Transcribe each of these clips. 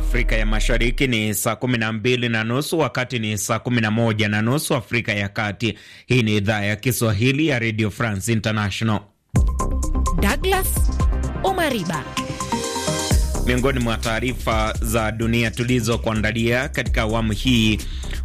Afrika ya Mashariki ni saa kumi na mbili na nusu wakati ni saa kumi na moja na nusu Afrika ya Kati. Hii ni idhaa ya Kiswahili ya Radio France International. Douglas Omariba, miongoni mwa taarifa za dunia tulizokuandalia katika awamu hii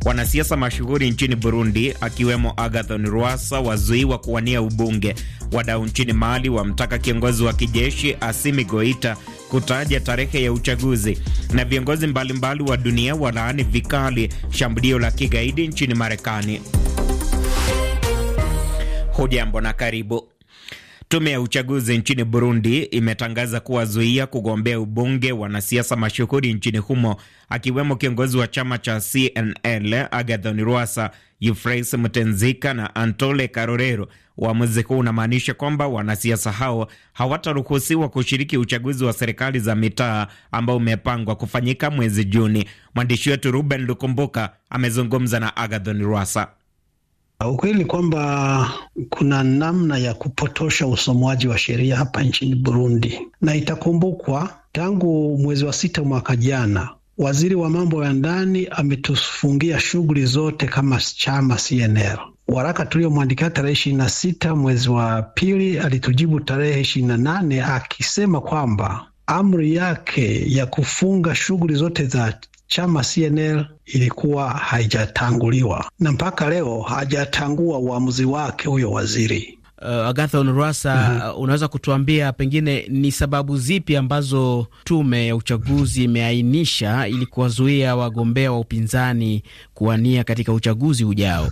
Wanasiasa mashuhuri nchini Burundi akiwemo Agathon Rwasa wazuiwa kuwania ubunge. Wadau nchini Mali wamtaka kiongozi wa kijeshi Asimi Goita kutaja tarehe ya uchaguzi, na viongozi mbalimbali wa dunia walaani vikali shambulio la kigaidi nchini Marekani. Hujambo na karibu. Tume ya uchaguzi nchini Burundi imetangaza kuwazuia kugombea ubunge wanasiasa mashuhuri nchini humo akiwemo kiongozi wa chama cha CNL Agathon Rwasa, Euphraise mtenzika na Antole Karorero. Uamuzi huu unamaanisha kwamba wanasiasa hao hawataruhusiwa kushiriki uchaguzi wa serikali za mitaa ambao umepangwa kufanyika mwezi Juni. Mwandishi wetu Ruben Lukumbuka amezungumza na Agathon Rwasa. Uh, ukweli ni kwamba kuna namna ya kupotosha usomwaji wa sheria hapa nchini Burundi, na itakumbukwa tangu mwezi wa sita mwaka jana waziri wa mambo ya ndani ametufungia shughuli zote kama chama CNL. Waraka tuliyomwandikia tarehe ishirini na sita mwezi wa pili alitujibu tarehe ishirini na nane akisema kwamba amri yake ya kufunga shughuli zote za chama CNL ilikuwa haijatanguliwa na mpaka leo hajatangua uamuzi wake huyo waziri. Uh, Agatha Onurasa, mm -hmm. Unaweza kutuambia pengine ni sababu zipi ambazo tume ya uchaguzi imeainisha ili kuwazuia wagombea wa upinzani kuwania katika uchaguzi ujao?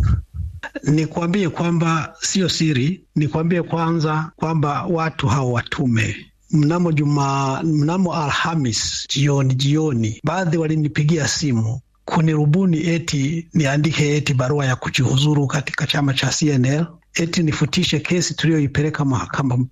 nikuambie kwamba sio siri, nikuambie kwanza kwamba watu hao watume mnamo juma, mnamo Alhamis jioni jioni, baadhi walinipigia simu kunirubuni eti niandike eti barua ya kujihuzuru katika chama cha CNL eti nifutishe kesi tuliyoipeleka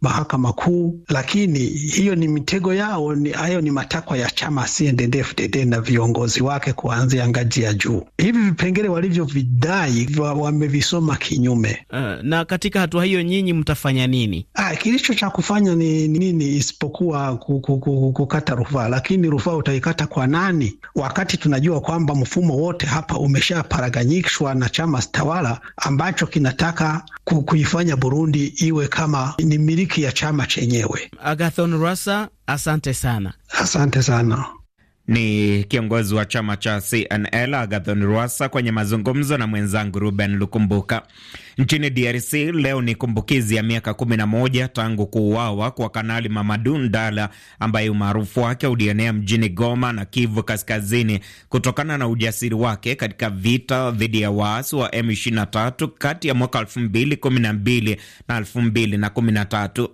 mahakama kuu, lakini hiyo ni mitego yao. Hayo ni, ni matakwa ya chama CNDD-FDD na viongozi wake kuanzia ngazi ya juu. Hivi vipengele walivyovidai wamevisoma kinyume. Uh, na katika hatua hiyo nyinyi mtafanya nini? Ah, kilicho cha kufanya ni nini isipokuwa kukata rufaa, lakini rufaa utaikata kwa nani wakati tunajua kwamba mfumo wote hapa umeshaparaganyishwa na chama tawala ambacho kinataka kuifanya Burundi iwe kama ni miliki ya chama chenyewe. Agathon Rasa, asante sana. Asante sana. Ni kiongozi wa chama cha CNL Agathon Rwasa kwenye mazungumzo na mwenzangu Ruben Lukumbuka. Nchini DRC leo ni kumbukizi ya miaka 11 tangu kuuawa kwa Kanali Mamadu Ndala ambaye umaarufu wake ulienea mjini Goma na Kivu Kaskazini kutokana na ujasiri wake katika vita dhidi ya waasi wa M23 kati ya mwaka 2012 na 2013.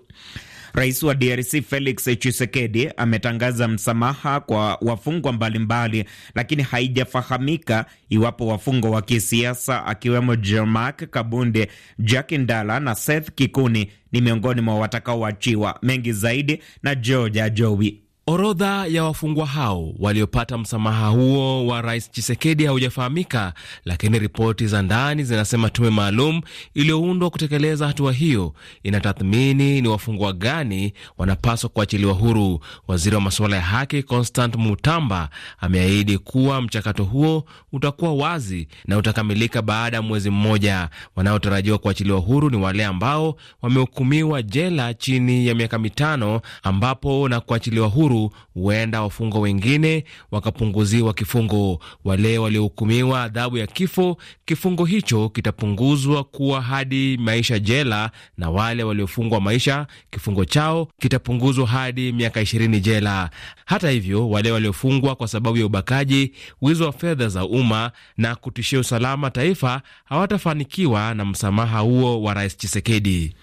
Rais wa DRC Felix Tshisekedi ametangaza msamaha kwa wafungwa mbalimbali, lakini haijafahamika iwapo wafungwa wa kisiasa akiwemo Jermak Kabunde, Jack Ndala na Seth Kikuni ni miongoni mwa watakaoachiwa. Mengi zaidi na George Ajowi. Orodha ya wafungwa hao waliopata msamaha huo wa rais Chisekedi haujafahamika, lakini ripoti za ndani zinasema tume maalum iliyoundwa kutekeleza hatua hiyo inatathmini ni wafungwa gani wanapaswa kuachiliwa huru. Waziri wa masuala ya haki Constant Mutamba ameahidi kuwa mchakato huo utakuwa wazi na utakamilika baada ya mwezi mmoja. Wanaotarajiwa kuachiliwa huru ni wale ambao wamehukumiwa jela chini ya miaka mitano ambapo na kuachiliwa huru huru, huenda wafungwa wengine wakapunguziwa kifungo. Wale waliohukumiwa adhabu ya kifo, kifungo hicho kitapunguzwa kuwa hadi maisha jela, na wale waliofungwa maisha, kifungo chao kitapunguzwa hadi miaka ishirini jela. Hata hivyo, wale waliofungwa kwa sababu ya ubakaji, wizi wa fedha za umma na kutishia usalama taifa hawatafanikiwa na msamaha huo wa Rais Chisekedi.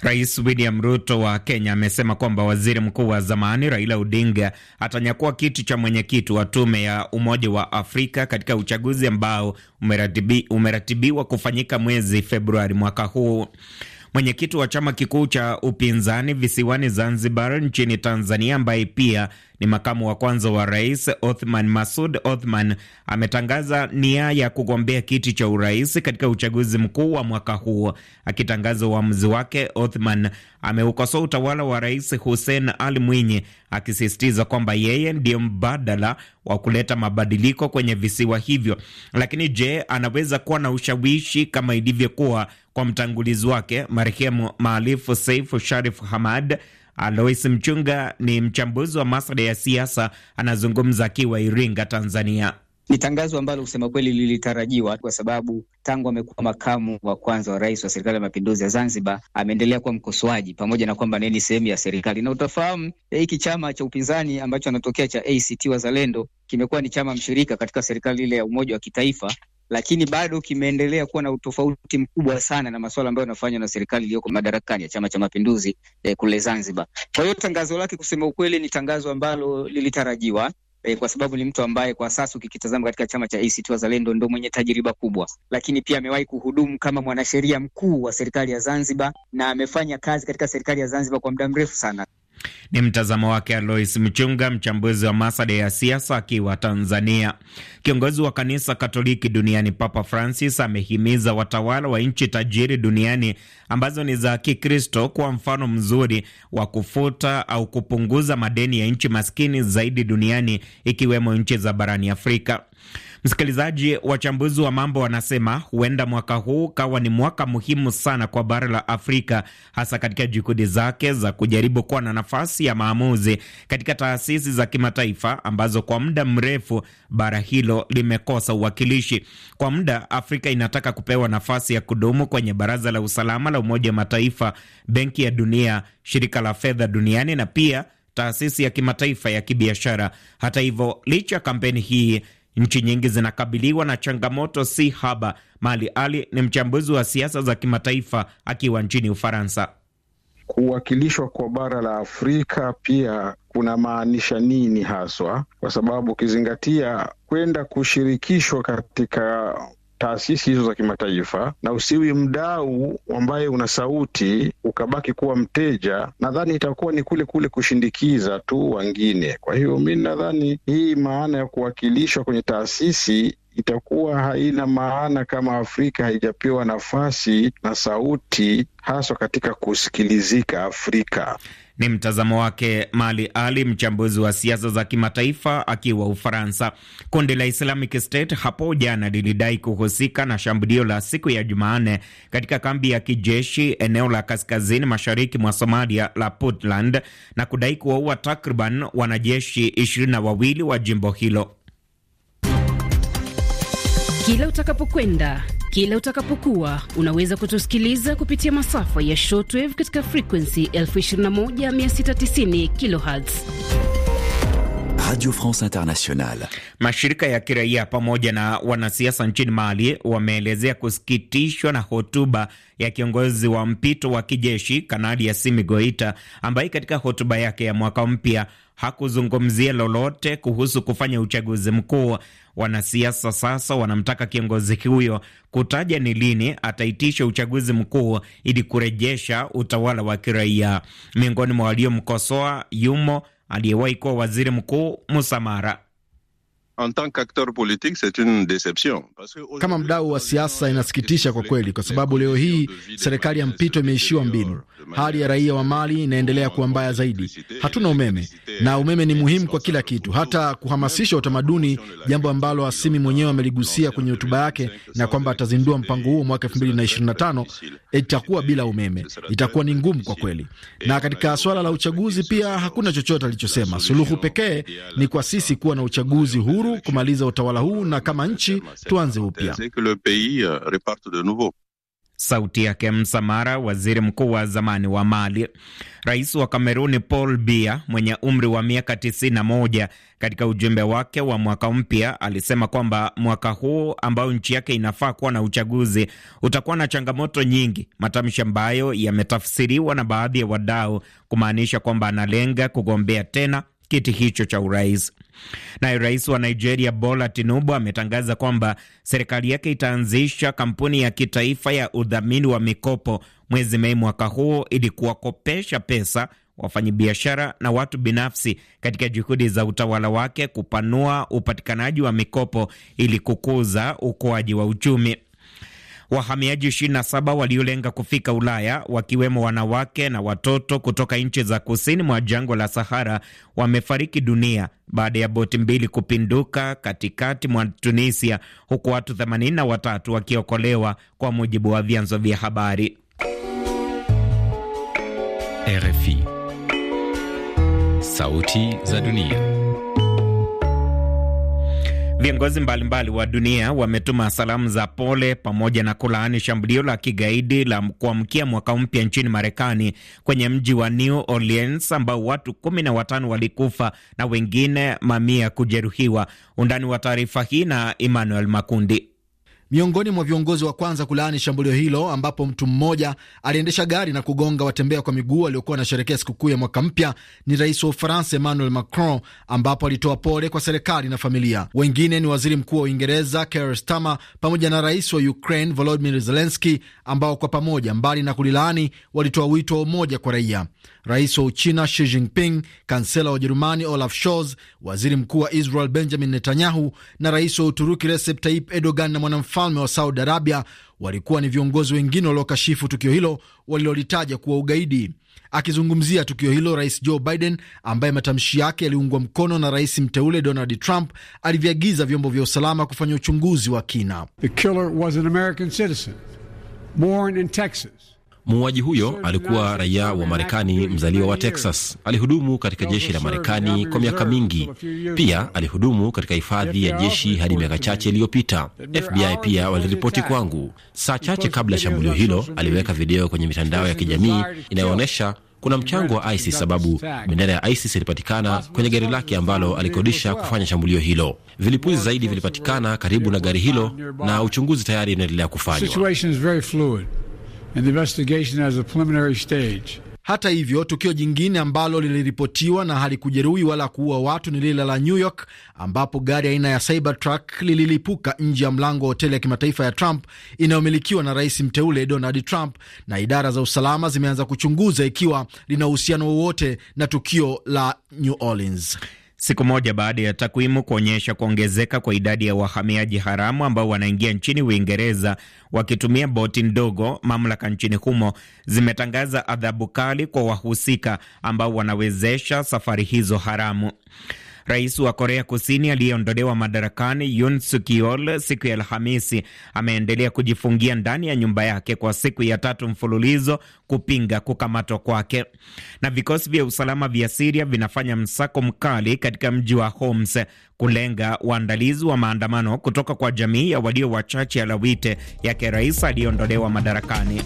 Rais William Ruto wa Kenya amesema kwamba waziri mkuu wa zamani Raila Odinga atanyakua kiti cha mwenyekiti wa tume ya Umoja wa Afrika katika uchaguzi ambao umeratibi, umeratibiwa kufanyika mwezi Februari mwaka huu mwenyekiti wa chama kikuu cha upinzani visiwani Zanzibar nchini Tanzania, ambaye pia ni makamu wa kwanza wa rais Othman Masud Othman ametangaza nia ya kugombea kiti cha urais katika uchaguzi mkuu wa mwaka huu. Akitangaza uamuzi wake, Othman ameukosoa utawala wa rais Hussein Ali Mwinyi, akisisitiza kwamba yeye ndiyo mbadala wa kuleta mabadiliko kwenye visiwa hivyo. Lakini je, anaweza kuwa na ushawishi kama ilivyokuwa kwa mtangulizi wake marehemu maalifu Saifu Sharif Hamad. Alois Mchunga ni mchambuzi wa masuala ya siasa, anazungumza akiwa Iringa, Tanzania. Ni tangazo ambalo kusema kweli lilitarajiwa kwa sababu tangu amekuwa makamu wa kwanza wa rais wa serikali ya mapinduzi ya Zanzibar ameendelea kuwa mkosoaji, pamoja na kwamba naye ni sehemu ya serikali. Na utafahamu hiki chama cha upinzani ambacho anatokea cha ACT Wazalendo kimekuwa ni chama mshirika katika serikali ile ya umoja wa kitaifa lakini bado kimeendelea kuwa na utofauti mkubwa sana na masuala ambayo yanafanywa na serikali iliyoko madarakani ya Chama cha Mapinduzi eh, kule Zanzibar. Kwa hiyo tangazo lake kusema ukweli ni tangazo ambalo lilitarajiwa eh, kwa sababu ni mtu ambaye kwa sasa ukikitazama katika chama cha ACT Wazalendo ndo mwenye tajriba kubwa, lakini pia amewahi kuhudumu kama mwanasheria mkuu wa serikali ya Zanzibar na amefanya kazi katika serikali ya Zanzibar kwa muda mrefu sana. Ni mtazamo wake Alois Mchunga, mchambuzi wa masada ya siasa akiwa Tanzania. Kiongozi wa kanisa Katoliki duniani Papa Francis amehimiza watawala wa nchi tajiri duniani ambazo ni za Kikristo kuwa mfano mzuri wa kufuta au kupunguza madeni ya nchi maskini zaidi duniani ikiwemo nchi za barani Afrika. Msikilizaji, wachambuzi wa mambo wanasema huenda mwaka huu kawa ni mwaka muhimu sana kwa bara la Afrika, hasa katika juhudi zake za kujaribu kuwa na nafasi ya maamuzi katika taasisi za kimataifa ambazo kwa muda mrefu bara hilo limekosa uwakilishi. Kwa muda Afrika inataka kupewa nafasi ya kudumu kwenye Baraza la Usalama la Umoja wa Mataifa, Benki ya Dunia, Shirika la Fedha Duniani na pia taasisi ya kimataifa ya kibiashara. Hata hivyo, licha ya kampeni hii, Nchi nyingi zinakabiliwa na changamoto si haba. Mali Ali ni mchambuzi wa siasa za kimataifa akiwa nchini Ufaransa. Kuwakilishwa kwa bara la Afrika pia kunamaanisha nini haswa? Kwa sababu ukizingatia kwenda kushirikishwa katika taasisi hizo za kimataifa, na usiwi mdau ambaye una sauti ukabaki kuwa mteja, nadhani itakuwa ni kule kule kushindikiza tu wengine. Kwa hiyo mi nadhani hii maana ya kuwakilishwa kwenye taasisi itakuwa haina maana kama Afrika haijapewa nafasi na sauti haswa katika kusikilizika Afrika. Ni mtazamo wake Mali Ali, mchambuzi wa siasa za kimataifa akiwa Ufaransa. Kundi la Islamic State hapo jana lilidai kuhusika na shambulio la siku ya Jumanne katika kambi ya kijeshi eneo la kaskazini mashariki mwa Somalia la Puntland na kudai kuwaua takriban wanajeshi ishirini na wawili wa jimbo hilo. Kila utakapokwenda, kila utakapokuwa, unaweza kutusikiliza kupitia masafa ya shortwave katika frekuensi 21690 kHz. Radio France International. Mashirika ya kiraia pamoja na wanasiasa nchini Mali wameelezea kusikitishwa na hotuba ya kiongozi wa mpito wa kijeshi Kanali Assimi Goita ambaye katika hotuba yake ya mwaka mpya hakuzungumzia lolote kuhusu kufanya uchaguzi mkuu Wanasiasa sasa wanamtaka kiongozi huyo kutaja ni lini ataitisha uchaguzi mkuu ili kurejesha utawala wa kiraia. Miongoni mwa waliomkosoa yumo aliyewahi kuwa waziri mkuu Musamara. Kama mdau wa siasa, inasikitisha kwa kweli, kwa sababu leo hii serikali ya mpito imeishiwa mbinu. Hali ya raia wa Mali inaendelea kuwa mbaya zaidi. Hatuna umeme, na umeme ni muhimu kwa kila kitu, hata kuhamasisha utamaduni, jambo ambalo Asimi mwenyewe ameligusia kwenye hotuba yake, na kwamba atazindua mpango huo mwaka 2025. Itakuwa bila umeme, itakuwa ni ngumu kwa kweli. Na katika swala la uchaguzi pia hakuna chochote alichosema. Suluhu pekee ni kwa sisi kuwa na uchaguzi huru huru kumaliza utawala huu na kama nchi tuanze upya. Sauti yake Msamara, waziri mkuu wa zamani wa Mali. Rais wa Kameruni Paul Bia mwenye umri wa miaka 91 katika ujumbe wake wa mwaka mpya alisema kwamba mwaka huu ambao nchi yake inafaa kuwa na uchaguzi utakuwa na changamoto nyingi, matamshi ambayo yametafsiriwa na baadhi ya wadau kumaanisha kwamba analenga kugombea tena kiti hicho cha urais. Naye rais wa Nigeria Bola Tinubu ametangaza kwamba serikali yake itaanzisha kampuni ya kitaifa ya udhamini wa mikopo mwezi Mei mwaka huu ili kuwakopesha pesa wafanyabiashara na watu binafsi katika juhudi za utawala wake kupanua upatikanaji wa mikopo ili kukuza ukuaji wa uchumi wahamiaji 27 waliolenga kufika Ulaya, wakiwemo wanawake na watoto kutoka nchi za kusini mwa jangwa la Sahara wamefariki dunia baada ya boti mbili kupinduka katikati mwa Tunisia, huku watu 83 wakiokolewa kwa mujibu wa vyanzo vya habari. RFI, Sauti za Dunia. Viongozi mbalimbali wa dunia wametuma salamu za pole pamoja na kulaani shambulio la kigaidi la kuamkia mwaka mpya nchini Marekani kwenye mji wa New Orleans ambao watu kumi na watano walikufa na wengine mamia kujeruhiwa. Undani wa taarifa hii na Emmanuel Makundi miongoni mwa viongozi wa kwanza kulaani shambulio hilo, ambapo mtu mmoja aliendesha gari na kugonga watembea kwa miguu waliokuwa wanasherehekea sikukuu ya mwaka mpya ni rais wa Ufaransa Emmanuel Macron, ambapo alitoa pole kwa serikali na familia. Wengine ni waziri mkuu wa Uingereza Keir Starmer pamoja na rais wa Ukraine volodimir zelenski ambao kwa pamoja, mbali na kulilaani, walitoa wito wa umoja kwa raia. Rais wa Uchina Xi Jinping, kansela wa Ujerumani Olaf Scholz, waziri mkuu wa Israel Benjamin Netanyahu na rais wa Uturuki Recep Tayyip Erdogan na mwanamfalme mfalme wa Saudi Arabia walikuwa ni viongozi wengine waliokashifu tukio hilo walilolitaja kuwa ugaidi. Akizungumzia tukio hilo, Rais Joe Biden ambaye matamshi yake yaliungwa mkono na rais mteule Donald Trump aliviagiza vyombo vya usalama kufanya uchunguzi wa kina. The killer was an American citizen born in Texas. Muuaji huyo alikuwa raia wa Marekani mzaliwa wa Texas. Alihudumu katika jeshi la Marekani kwa miaka mingi. Pia alihudumu katika hifadhi ya jeshi hadi miaka chache iliyopita. FBI pia waliripoti kwangu. Saa chache kabla ya shambulio hilo, aliweka video kwenye mitandao ya kijamii inayoonyesha kuna mchango wa ISIS sababu bendera ya ISIS ilipatikana kwenye gari lake ambalo alikodisha kufanya shambulio hilo. Vilipuzi zaidi vilipatikana karibu na gari hilo na uchunguzi tayari unaendelea kufanywa and the investigation has a preliminary stage. Hata hivyo tukio jingine ambalo liliripotiwa na halikujeruhi wala kuua watu ni lile la New York ambapo gari aina ya Cybertruck lililipuka nje ya mlango wa hoteli ya kimataifa ya Trump inayomilikiwa na rais mteule Donald Trump, na idara za usalama zimeanza kuchunguza ikiwa lina uhusiano wowote na tukio la New Orleans siku moja baada ya takwimu kuonyesha kuongezeka kwa idadi ya wahamiaji haramu ambao wanaingia nchini Uingereza wakitumia boti ndogo, mamlaka nchini humo zimetangaza adhabu kali kwa wahusika ambao wanawezesha safari hizo haramu. Rais wa Korea Kusini aliyeondolewa madarakani Yoon Suk Yeol siku ya Alhamisi ameendelea kujifungia ndani ya nyumba yake kwa siku ya tatu mfululizo kupinga kukamatwa kwake. Na vikosi vya usalama vya Siria vinafanya msako mkali katika mji wa Homs kulenga waandalizi wa maandamano kutoka kwa jamii ya walio wachache Alawite yake rais aliyeondolewa madarakani.